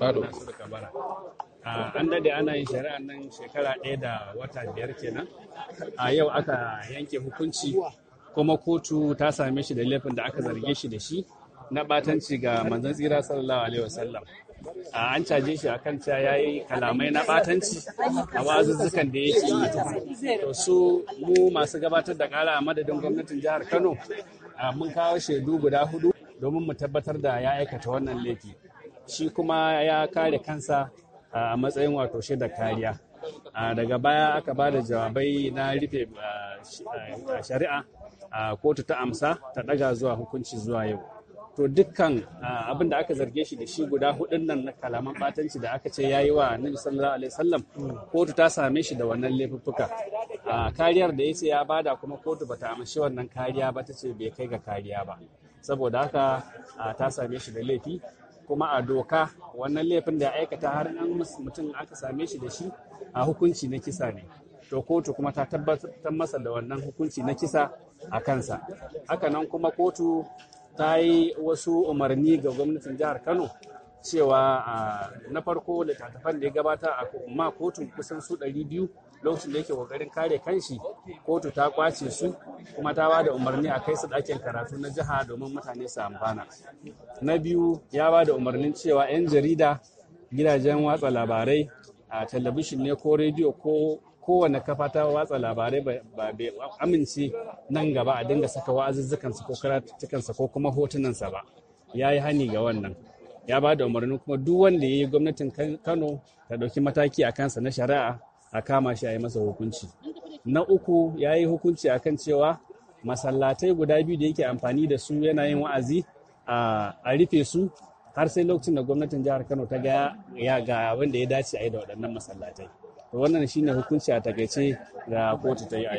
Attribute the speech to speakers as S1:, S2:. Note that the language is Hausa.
S1: kabara. Ah, an dade ana yin shari'ar nan shekara ɗaya da wata biyar kenan. A ah, yau aka yanke hukunci kuma kotu ta same shi da laifin da aka zarge shi da shi na batanci ga manzon tsira sallallahu alaihi wasallam. Ah, an caje shi akan cewa ya yi kalamai na batanci a wazuzzukan da yake yi to su mu masu gabatar da kara a madadin gwamnatin jihar kano mun kawo shaidu guda hudu domin mu tabbatar da ya aikata wannan laifi shi kuma ya kare kansa a matsayin wato shaida kariya daga baya aka ba da jawabai na rufe shari'a kotu ta amsa ta daga zuwa hukunci zuwa yau to dukkan abin da aka zarge shi da shi guda hudun nan na kalaman batanci da aka ce yayi wa annabi sallallahu alaihi wasallam kotu ta same shi da wannan laifuffuka kariyar da yace ya bada kuma kotu bata amshi wannan kariya ba ta ce bai kai ga kariya ba saboda haka ta same shi da laifi kuma a doka wannan laifin da ya aikata har an mutum aka same shi da shi a hukunci na kisa ne to kotu kuma ta tabbatar masa da wannan hukunci na kisa a kansa Haka nan kuma kotu ta yi wasu umarni ga gwamnatin jihar kano cewa na farko littattafan da ya gabata a ma kotun kusan su ɗari biyu, lokacin da yake kokarin kare kanshi kotu ta kwace su kuma ta bada umarni a kai su ɗakin karatu na jiha domin mutane su amfana na biyu ya bada umarnin cewa 'yan jarida gidajen watsa labarai a talabishin ne ko rediyo ko kowane kafa ta watsa labarai ba bai amince nan gaba a dinga saka wa'azuzzukansa ko karatuttukansa ko kuma hotunansa ba ya yi hani ga wannan ya ba da umarni kuma duk wanda ya yi gwamnatin kano ta ɗauki mataki a kansa na shari'a a kama shi a yi masa hukunci na uku ya yi hukunci a kan cewa masallatai guda biyu da yake amfani da su yana yin wa'azi a rufe su har sai lokacin da gwamnatin jihar kano ta ga ya ga wanda ya dace a yi da waɗannan masallatai wannan shine hukunci a takaice da kotu ta yi a yau